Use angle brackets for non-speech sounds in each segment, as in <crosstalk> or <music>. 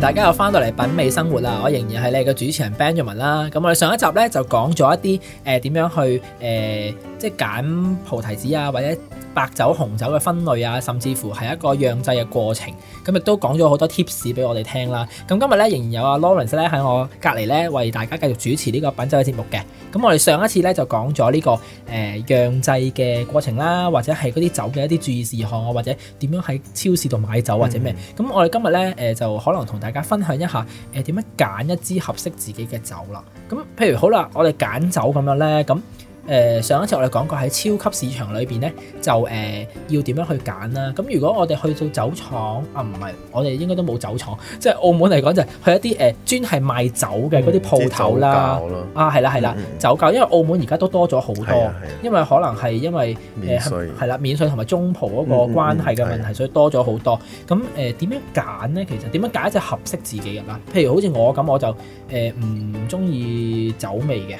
大家又翻到嚟品味生活啦，我仍然係你嘅主持人 Benjamin 啦。咁我哋上一集咧就講咗一啲誒，點樣去誒，即係揀菩提子啊，或者白酒、紅酒嘅分類啊，甚至乎係一個釀製嘅過程。咁亦都講咗好多 tips 俾我哋聽啦。咁今日咧仍然有阿 Lawrence 咧，喺我隔籬咧，為大家繼續主持呢個品酒嘅節目嘅。咁我哋上一次咧就講咗呢個誒、呃、釀製嘅過程啦，或者係嗰啲酒嘅一啲注意事項啊，或者點樣喺超市度買酒或者咩。咁、嗯、我哋今日咧誒就可能同大家分享一下誒點樣揀一支合適自己嘅酒啦。咁譬如好啦，我哋揀酒咁樣咧咁。誒、呃、上一次我哋講過喺超級市場裏邊咧，就誒、呃、要點樣去揀啦、啊？咁如果我哋去到酒廠啊，唔係，我哋應該都冇酒廠，即係澳門嚟講就係去一啲誒、呃、專係賣酒嘅嗰啲鋪頭啦。啊，係啦係啦，酒窖、嗯哼，因為澳門而家都多咗好多，嗯、哼因為可能係因為誒係稅、呃、啦，免稅同埋中葡嗰個關係嘅問題，嗯嗯、所以多咗好多。咁誒點樣揀咧？其實點樣揀一隻合適自己嘅啦？譬如好似我咁，我就誒唔中意酒味嘅。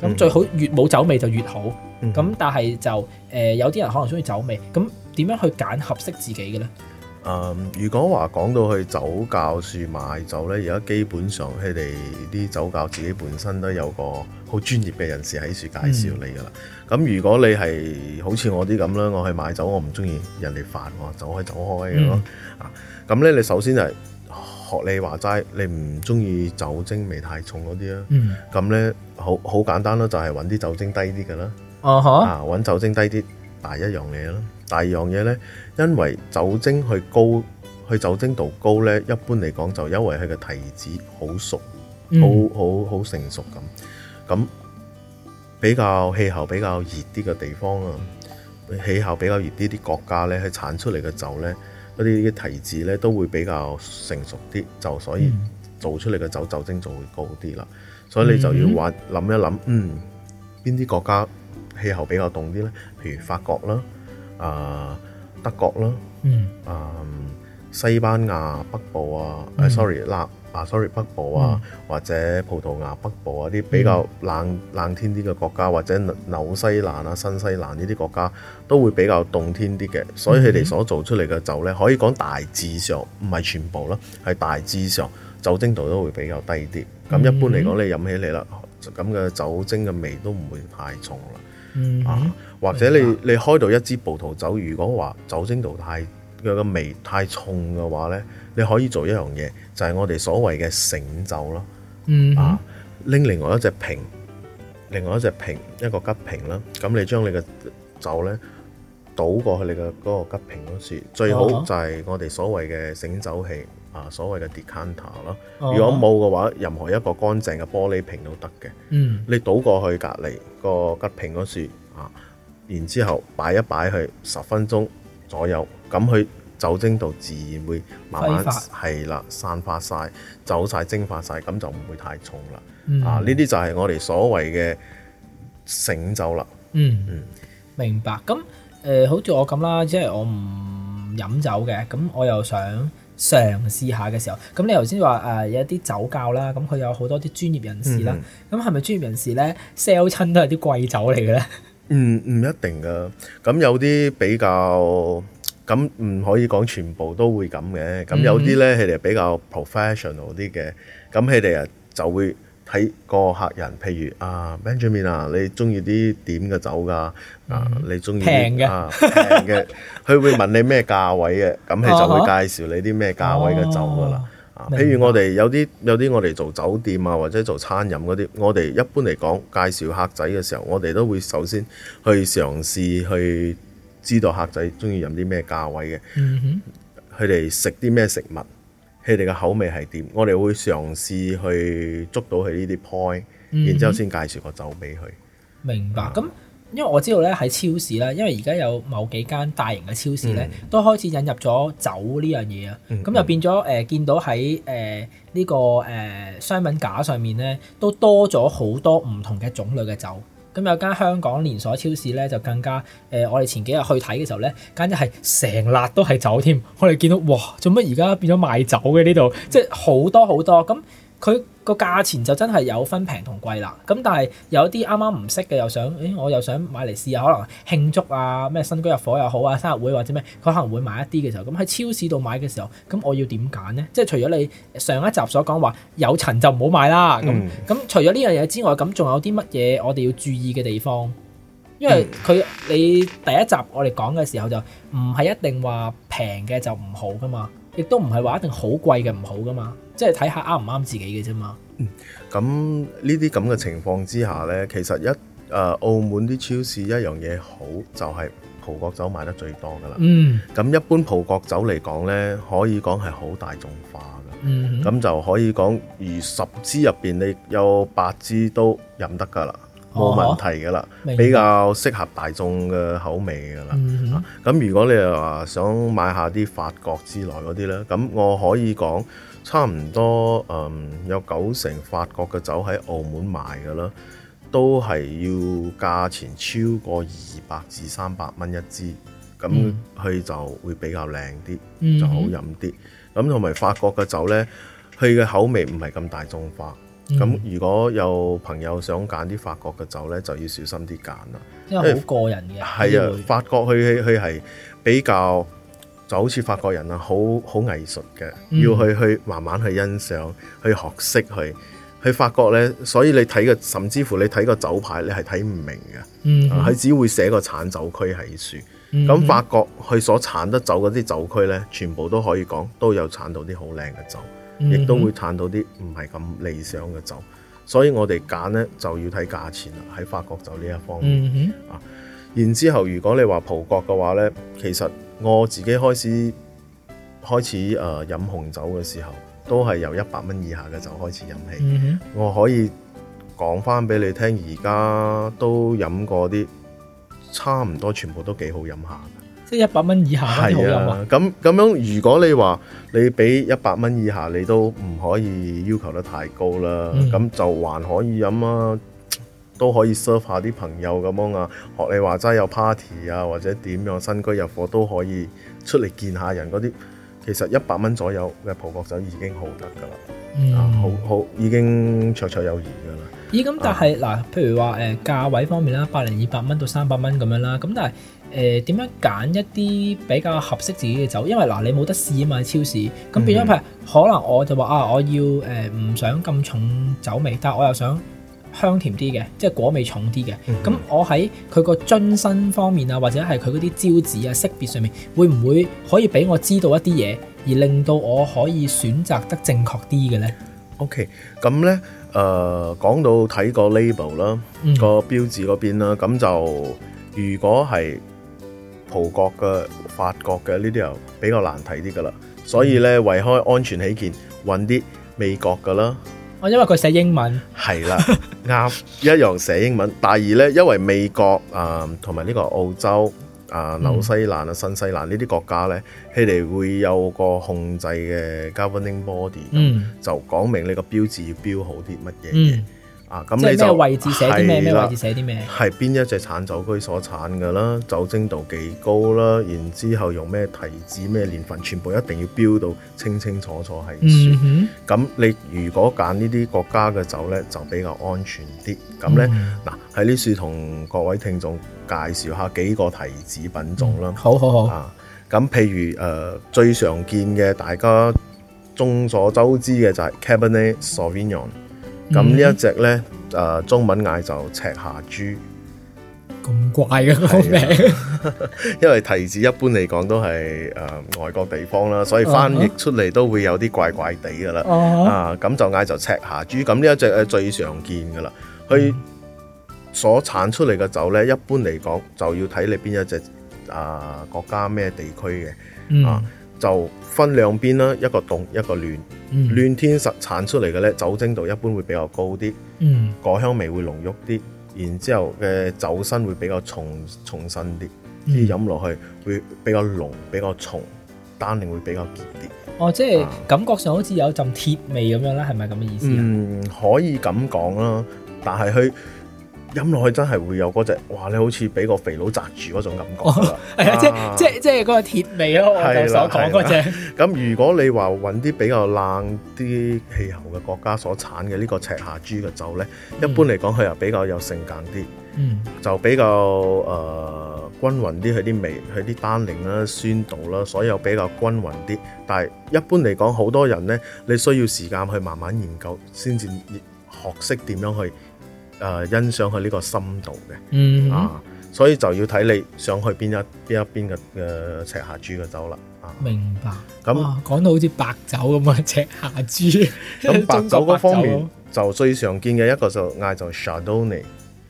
咁最好越冇酒味就越好，咁、嗯、但係就誒、呃、有啲人可能中意酒味，咁點樣去揀合適自己嘅咧？誒、嗯，如果話講到去酒窖處買酒咧，而家基本上佢哋啲酒窖自己本身都有個好專業嘅人士喺處介紹你噶啦。咁、嗯、如果你係好似我啲咁啦，我去買酒，我唔中意人哋煩，我走開走開咯。嗯、啊，咁咧你首先就係學你話齋，你唔中意酒精味太重嗰啲啦。咁呢、嗯，好好簡單咯，就係揾啲酒精低啲嘅啦。揾、嗯啊、酒精低啲，第一樣嘢啦。第二樣嘢呢，因為酒精去高，去酒精度高呢，一般嚟講就因為佢嘅提子好熟，好好好成熟咁。咁比較氣候比較熱啲嘅地方啊，氣候比較熱啲啲國家呢，佢產出嚟嘅酒呢。嗰啲提子咧都會比較成熟啲，就所以做出嚟嘅酒、嗯、酒精就會高啲啦。所以你就要話諗一諗，嗯，邊啲國家氣候比較凍啲咧？譬如法國啦，啊、呃、德國啦，嗯啊、呃、西班牙北部啊，誒、嗯 uh, sorry，啦。啊，sorry，北部啊，或者葡萄牙北部啊啲比較冷冷天啲嘅國家，或者紐西蘭啊、新西蘭呢啲國家，都會比較凍天啲嘅，所以佢哋所做出嚟嘅酒咧，可以講大致上唔係全部啦，係大致上酒精度都會比較低啲。咁一般嚟講，你飲起嚟啦，咁嘅酒精嘅味都唔會太重啦。嗯、啊，的或者你你開到一支葡萄酒，如果話酒精度太低佢個味太重嘅話呢，你可以做一樣嘢，就係、是、我哋所謂嘅醒酒咯。嗯、mm hmm. 啊，拎另外一隻瓶，另外一隻瓶一個吉瓶啦。咁你將你嘅酒呢倒過去你嘅嗰個吉瓶嗰處，最好就係我哋所謂嘅醒酒器啊，所謂嘅 decanter 咯。如果冇嘅話，任何一個乾淨嘅玻璃瓶都得嘅。嗯、mm，hmm. 你倒過去隔離、那個吉瓶嗰處啊，然之後擺一擺佢十分鐘。左右咁，佢酒精度自然會慢慢係啦的，散發晒，走晒，蒸發晒，咁就唔會太重啦。嗯、啊，呢啲就係我哋所謂嘅醒酒啦。嗯，嗯，明白。咁誒、呃，好似我咁啦，即係我唔飲酒嘅，咁我又想嘗試下嘅時候，咁你頭先話誒有一啲酒窖啦，咁佢有好多啲專業人士啦，咁係咪專業人士咧 sell 親都係啲貴酒嚟嘅咧？唔唔、嗯、一定㗎，咁有啲比較咁，唔可以講全部都會咁嘅。咁有啲咧佢哋比較 professional 啲嘅，咁佢哋啊就會睇個客人，譬如啊 Benjamin 啊，你中意啲點嘅酒㗎？啊，你中意平嘅，佢 <laughs> 會問你咩價位嘅，咁佢就會介紹你啲咩價位嘅酒㗎啦。哦。譬如我哋白有啲有啲，我哋做酒店啊，或者做餐飲嗰啲，我哋一般嚟講，介紹客仔嘅時候，我哋都會首先去嘗試去知道客仔中意飲啲咩價位嘅，佢哋食啲咩食物，佢哋嘅口味係點，我哋會嘗試去捉到佢呢啲 point，然之後先介紹個酒俾佢。嗯哼嗯、明白，咁。因為我知道咧喺超市啦，因為而家有某幾間大型嘅超市咧，都開始引入咗酒呢樣嘢啊。咁、嗯、就變咗誒、嗯呃，見到喺誒呢個誒、呃、商品架上面咧，都多咗好多唔同嘅種類嘅酒。咁有間香港連鎖超市咧，就更加誒、呃，我哋前幾日去睇嘅時候咧，簡直係成辣都係酒添。我哋見到哇，做乜而家變咗賣酒嘅呢度？即係好多好多咁。嗯佢個價錢就真係有分平同貴啦，咁但係有啲啱啱唔識嘅，又想，誒、哎、我又想買嚟試下，可能慶祝啊，咩新居入伙又好啊，生日會或者咩，佢可能會買一啲嘅時候，咁喺超市度買嘅時候，咁我要點揀呢？即係除咗你上一集所講話有塵就唔好買啦，咁咁、嗯、除咗呢樣嘢之外，咁仲有啲乜嘢我哋要注意嘅地方？因為佢你第一集我哋講嘅時候就唔係一定話平嘅就唔好㗎嘛。亦都唔係話一定好貴嘅唔好噶嘛，即係睇下啱唔啱自己嘅啫嘛。嗯，咁呢啲咁嘅情況之下呢，其實一誒、呃、澳門啲超市一樣嘢好就係、是、葡國酒賣得最多噶啦。嗯，咁一般葡國酒嚟講呢，可以講係好大眾化噶。嗯哼，咁就可以講，如十支入邊你有八支都飲得噶啦。冇問題嘅啦，比較適合大眾嘅口味嘅啦。咁、嗯哼啊、如果你又話想買下啲法國之內嗰啲咧，咁我可以講差唔多，嗯，有九成法國嘅酒喺澳門賣嘅啦，都係要價錢超過二百至三百蚊一支，咁佢就會比較靚啲，嗯、哼就好飲啲。咁同埋法國嘅酒咧，佢嘅口味唔係咁大眾化。咁、嗯、如果有朋友想揀啲法國嘅酒呢，就要小心啲揀啦，因為好個人嘅。係啊，法國佢佢佢係比較就好似法國人啊，好好藝術嘅，嗯、要去去慢慢去欣賞，去學識去去法國呢。所以你睇個甚至乎你睇個酒牌，你係睇唔明嘅。佢、嗯、哼只會寫個產酒區喺度。咁、嗯、哼法國佢所產得酒嗰啲酒區呢，全部都可以講都有產到啲好靚嘅酒。亦都會嘆到啲唔係咁理想嘅酒，所以我哋揀呢就要睇價錢啦。喺法國酒呢一方面、嗯、哼然之後如果你話葡國嘅話呢，其實我自己開始開始誒、呃、飲紅酒嘅時候，都係由一百蚊以下嘅酒開始飲起。嗯、哼我可以講翻俾你聽，而家都飲過啲差唔多，全部都幾好飲下。即係一百蚊以下係啊，咁咁樣如果你話你俾一百蚊以下，你都唔可以要求得太高啦。咁、嗯、就還可以飲啊，都可以 serve 下啲朋友咁樣啊。學你話齋有 party 啊，或者點樣新居入伙都可以出嚟見下人嗰啲，其實一百蚊左右嘅葡國酒已經好得噶啦、嗯啊，好好已經綽綽有餘噶啦。咦、嗯？咁但係嗱，啊、譬如話誒、呃、價位方面啦，百零二百蚊到三百蚊咁樣啦，咁但係。誒點、呃、樣揀一啲比較合適自己嘅酒？因為嗱、呃，你冇得試啊嘛，超市咁變咗係、mm hmm. 可能我就話啊，我要誒唔、呃、想咁重酒味，但係我又想香甜啲嘅，即係果味重啲嘅。咁、mm hmm. 我喺佢個樽身方面啊，或者係佢嗰啲招紙啊識別上面，會唔會可以俾我知道一啲嘢，而令到我可以選擇得正確啲嘅咧？OK，咁咧誒講到睇個 label 啦、mm，hmm. 個標誌嗰邊啦，咁就如果係。葡國嘅，法國嘅呢啲又比較難睇啲噶啦，所以咧為開安全起見，揾啲美國嘅啦。哦，因為佢寫英文。係啦的，啱 <laughs> 一樣寫英文。第二咧，因為美國啊，同埋呢個澳洲啊、呃、紐西蘭啊、新西蘭呢啲國家咧，佢哋會有個控制嘅 governing body，嗯，就講明你個標誌要標好啲乜嘢嘢。嗯啊，咁你就係，位置寫啲咩啦，位置寫啲咩？係邊了一隻產酒區所產嘅啦，酒精度幾高啦，然之後用咩提子咩年份，全部一定要標到清清楚楚係咁，嗯、哼你如果揀呢啲國家嘅酒咧，就比較安全啲。咁咧，嗱喺呢處同各位聽眾介紹下幾個提子品種啦，嗯。好好好。啊，咁譬如誒、呃、最常見嘅，大家眾所周知嘅就係 Cabernet Sauvignon。咁呢一隻咧，誒、呃、中文嗌就赤霞珠，咁怪嘅個名，的 <laughs> 因為提子一般嚟講都係誒、呃、外國地方啦，所以翻譯出嚟都會有啲怪怪地噶啦。Uh huh. 啊，咁就嗌就赤霞珠。咁呢一隻係最常見噶啦，佢所產出嚟嘅酒呢，一般嚟講就要睇你邊一隻啊、呃、國家咩地區嘅、uh huh. 啊。就分兩邊啦，一個凍一個暖。嗯、暖天實產出嚟嘅咧，酒精度一般會比較高啲，嗯、果香味會濃郁啲，然之後嘅酒身會比較重、重身啲，飲落、嗯、去會比較濃、比較重，單寧會比較結啲。哦，即係感覺上好似有一陣鐵味咁樣啦，係咪咁嘅意思啊？嗯，可以咁講啦，但係佢，飲落去真係會有嗰隻，哇！你好似俾個肥佬擸住嗰種感覺，係、哦、啊！即係即係即係嗰個鐵味咯，我哋所講嗰隻。咁如果你話揾啲比較冷啲氣候嘅國家所產嘅呢個赤霞珠嘅酒呢，一般嚟講佢又比較有性格啲，嗯、就比較誒、呃、均勻啲佢啲味，佢啲單寧啦、酸度啦，所有比較均勻啲。但係一般嚟講，好多人呢，你需要時間去慢慢研究，先至學識點樣去。誒欣賞佢呢個深度嘅，啊，所以就要睇你想去邊一邊一邊嘅嘅赤霞珠嘅酒啦，啊，明白。咁講到好似白酒咁嘅赤霞珠。咁白酒嗰方面就最常見嘅一個就嗌就 Chardonnay，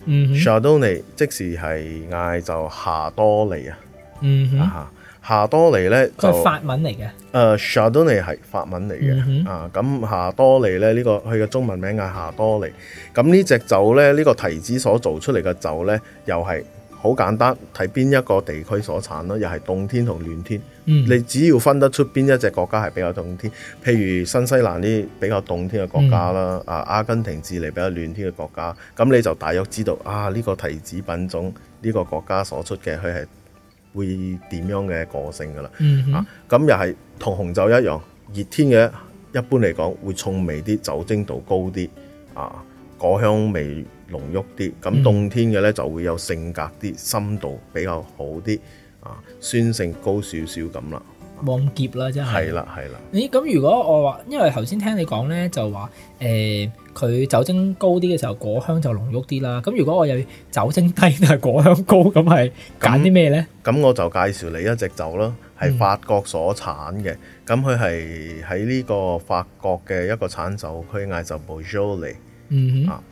嗯，Chardonnay 即時係嗌就夏多尼。啊，嗯嚇。夏多尼咧就法文嚟嘅，Chardonnay 係法文嚟嘅啊。咁夏多尼呢，呢、這個佢嘅中文名係夏多尼。咁呢隻酒呢，呢、這個提子所做出嚟嘅酒呢，又係好簡單，睇邊一個地區所產咯，又係凍天同暖天。嗯、你只要分得出邊一隻國家係比較凍天，譬如新西蘭啲比較凍天嘅國家啦，嗯、啊阿根廷、智利比較暖天嘅國家，咁、嗯、你就大約知道啊呢、這個提子品種呢、這個國家所出嘅佢係。會點樣嘅個性噶啦？嗯、哼啊，咁又係同紅酒一樣，熱天嘅一般嚟講會重味啲，酒精度高啲，啊果香味濃郁啲。咁、啊、凍天嘅呢，就會有性格啲，深度比較好啲，啊酸性高少少咁啦。望劫啦，真係。係啦，係啦。咦，咁如果我話，因為頭先聽你講呢，就話誒佢酒精高啲嘅時候果香就濃郁啲啦。咁如果我有酒精低但係果香高，咁係揀啲咩呢？咁我就介紹你一隻酒啦，係法國所產嘅。咁佢係喺呢個法國嘅一個產酒區嗌就 Beaujolais。Oli，嗯哼。啊，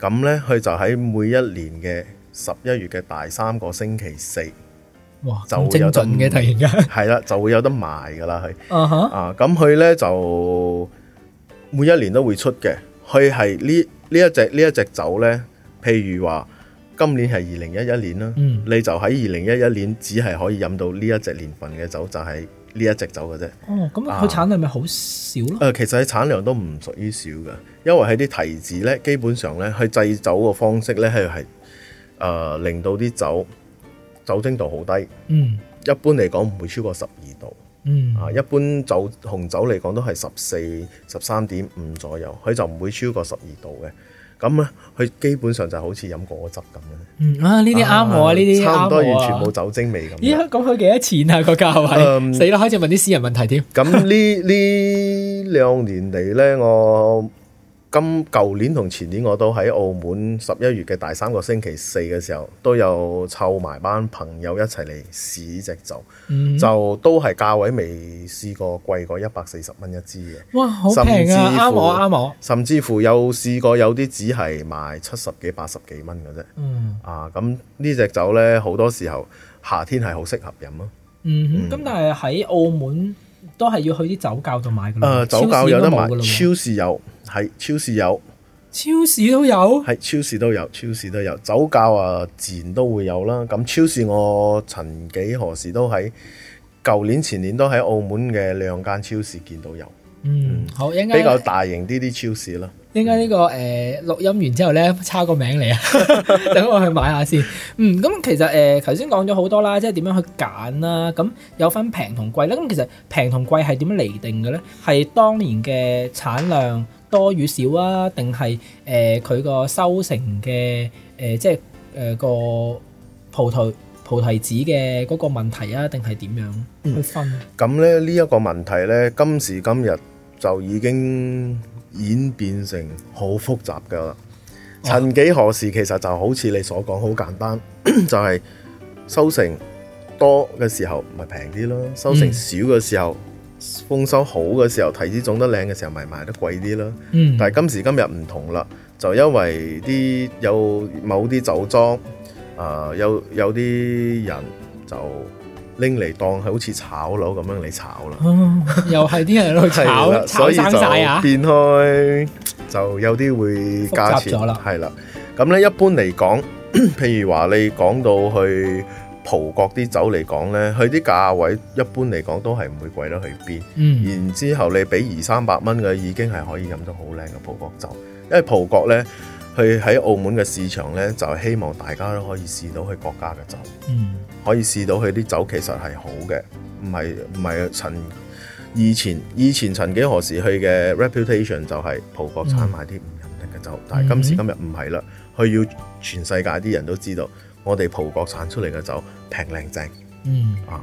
咁咧佢就喺每一年嘅十一月嘅第三個星期四。哇，就有得突然間係啦，就會有得賣噶啦，係、uh huh? 啊咁佢咧就每一年都會出嘅，佢係呢呢一隻呢一隻酒咧，譬如話今年係二零一一年啦，mm. 你就喺二零一一年只係可以飲到呢一隻年份嘅酒，就酒，就係呢一隻酒嘅啫。哦，咁佢產量咪好少咯？誒、啊，其實佢產量都唔屬於少嘅，因為喺啲提子咧，基本上咧，佢製酒嘅方式咧係係誒令到啲酒。酒精度好低，嗯，一般嚟講唔會超過十二度，嗯, 14，度，嗯，啊，一般、啊啊、酒紅酒嚟講都係十四十三點五左右，佢就唔會超過十二度嘅，咁咧佢基本上就好似飲果汁咁樣，啊，呢啲啱我啊，呢啲差唔多完全冇酒精味咁。咦，咁佢幾多錢啊？個價位？嗯、死啦！開始問啲私人問題添。咁、嗯、 <laughs> 呢呢兩年嚟咧，我。今舊年同前年我都喺澳門十一月嘅第三個星期四嘅時候，都有湊埋班朋友一齊嚟試隻酒，嗯、哼就都係價位未試過貴過一百四十蚊一支嘅。哇，好平啊！啱我啱我。甚至乎有、啊、試過有啲只係賣七十幾、八十幾蚊嘅啫。嗯。啊，咁呢隻酒呢，好多時候夏天係好適合飲咯。咁、嗯哼嗯、但係喺澳門都係要去啲酒窖度買。酒窖有得買，超市有。喺超市有，超市都有，喺超市都有，超市都有，酒窖啊自然都會有啦。咁超市我曾幾何時都喺舊年前年都喺澳門嘅兩間超市見到有，嗯好，應該比較大型啲啲超市啦。應該呢個誒錄、呃、音完之後咧，抄個名嚟啊， <laughs> <laughs> 等我去買下先。嗯，咁其實誒頭先講咗好多啦，即係點樣去揀啦、啊，咁有分平同貴啦。咁其實平同貴係點樣嚟定嘅咧？係當年嘅產量。多與少啊，定係誒佢個收成嘅誒，即係誒個葡萄菩提子嘅嗰個問題啊，定係點樣去分？咁咧呢一個問題咧，今時今日就已經演變成好複雜噶啦。曾幾何時其實就好似你所講，好簡單，就係收成多嘅時候咪平啲咯，收成少嘅時候。豐收好嘅時候，提子種得靚嘅時候，咪賣得貴啲咯。嗯，但係今時今日唔同啦，就因為啲有某啲酒莊，啊、呃，有有啲人就拎嚟當係好似炒樓咁樣嚟炒啦、哦。又係啲人去炒，炒生晒啊！變開就有啲會價錢咗啦，係啦。咁咧一般嚟講， <coughs> 譬如話你講到去。葡國啲酒，嚟講呢，佢啲價位一般嚟講都係唔會貴得去邊。嗯、然之後你俾二三百蚊嘅已經係可以飲到好靚嘅葡國酒，因為葡國呢，佢喺澳門嘅市場呢，就希望大家都可以試到佢國家嘅酒，嗯、可以試到佢啲酒其實係好嘅，唔係唔係曾以前，以前曾幾何時去嘅 reputation 就係葡國產賣啲唔飲得嘅酒，嗯、但係今時今日唔係啦，佢要全世界啲人都知道。我哋葡國產出嚟嘅酒平靚正，嗯啊，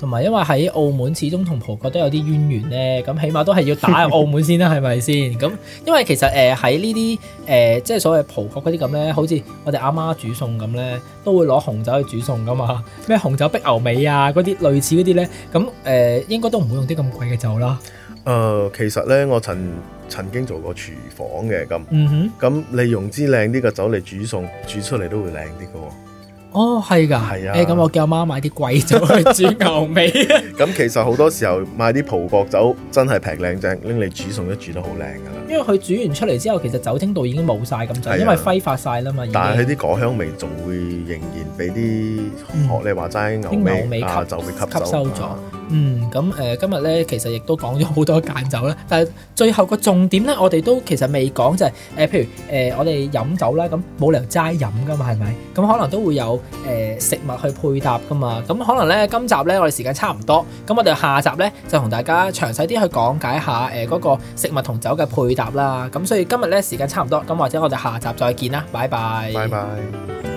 同埋因為喺澳門始終同葡國都有啲淵源咧，咁起碼都係要打入澳門先啦，係咪先？咁因為其實誒喺呢啲誒即係所謂葡國嗰啲咁咧，好似我哋阿媽煮餸咁咧，都會攞紅酒去煮餸噶嘛，咩紅酒碧牛尾啊嗰啲類似嗰啲咧，咁誒應該都唔會用啲咁貴嘅酒啦。誒，其實咧我曾曾經做過廚房嘅咁，咁、嗯、哼你用支靚啲嘅酒嚟煮餸，煮出嚟都會靚啲嘅喎。哦，係㗎，係啊，誒咁、欸、我叫阿媽買啲貴酒 <laughs> 去煮牛尾啊。咁 <laughs> 其實好多時候買啲葡國酒真係平靚正，拎嚟煮餸都煮得好靚㗎啦。因為佢煮完出嚟之後，其實酒精度已經冇晒咁滯，啊、因為揮發晒啦嘛。但係佢啲果香味仲會仍然俾啲學你話齋牛尾啊，嗯、牛就會吸收咗。嗯，咁誒、呃、今日咧其實亦都講咗好多間酒啦，但係最後個重點咧，我哋都其實未講就係、是、誒、呃，譬如誒、呃、我哋飲酒啦，咁冇理由齋飲噶嘛，係咪？咁可能都會有誒、呃、食物去配搭噶嘛，咁可能咧今集咧我哋時間差唔多，咁我哋下集咧就同大家詳細啲去講解下誒嗰個食物同酒嘅配搭啦。咁所以今日咧時間差唔多，咁或者我哋下，下集再見啦，拜拜。拜拜。